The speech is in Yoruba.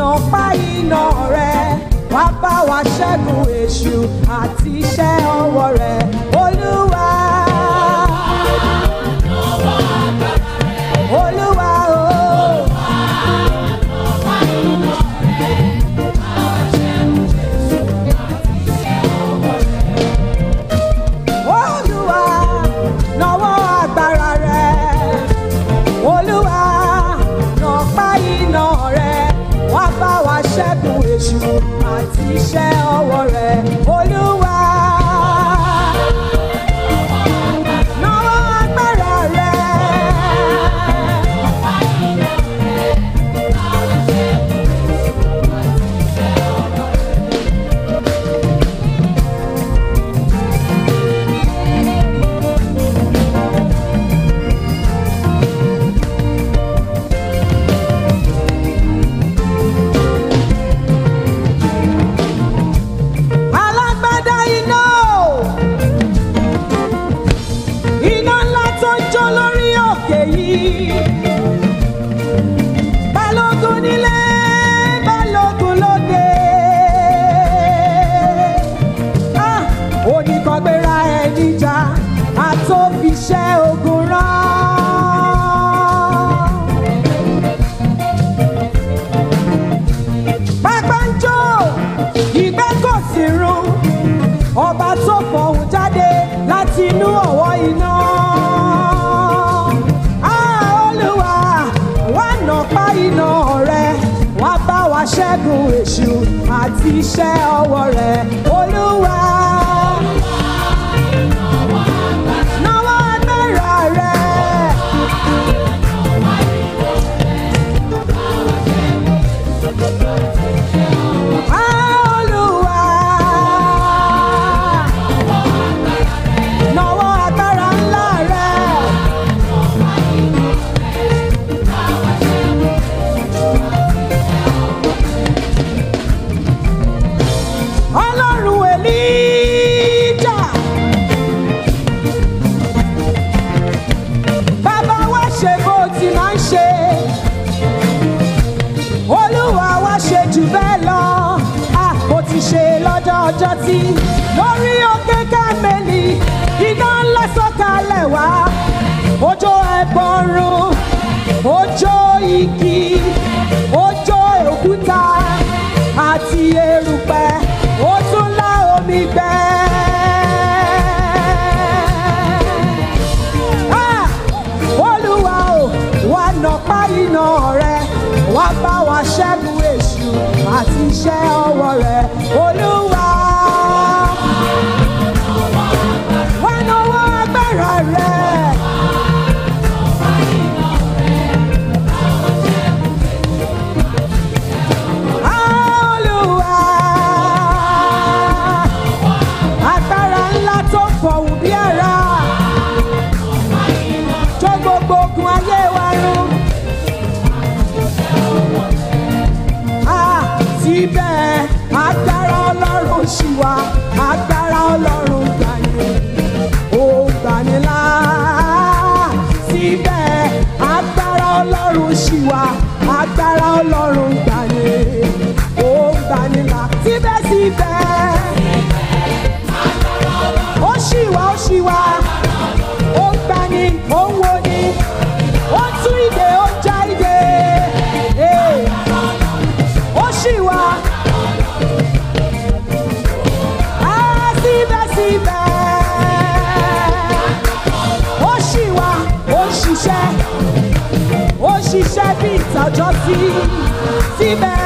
ìnàpá iná rẹ̀ wá bá wa ṣẹ́gun èṣù àti iṣẹ́ ọwọ́ rẹ̀ ó seashell shall worry. dọ̀tí lórí òkè kámẹ́lì iná ńlá sọ̀kalẹ̀ wá òjò ẹ̀bọ̀rún òjò igi òjò òkúta àti erùpẹ̀ ó tún lá omi gbẹ. Olúwa ò wá nàpá iná rẹ̀ wá bá wa ṣẹ́gun èṣù àti iṣẹ́ ọwọ́ rẹ̀ Olúwa. wa agbára. I'll just see, see back.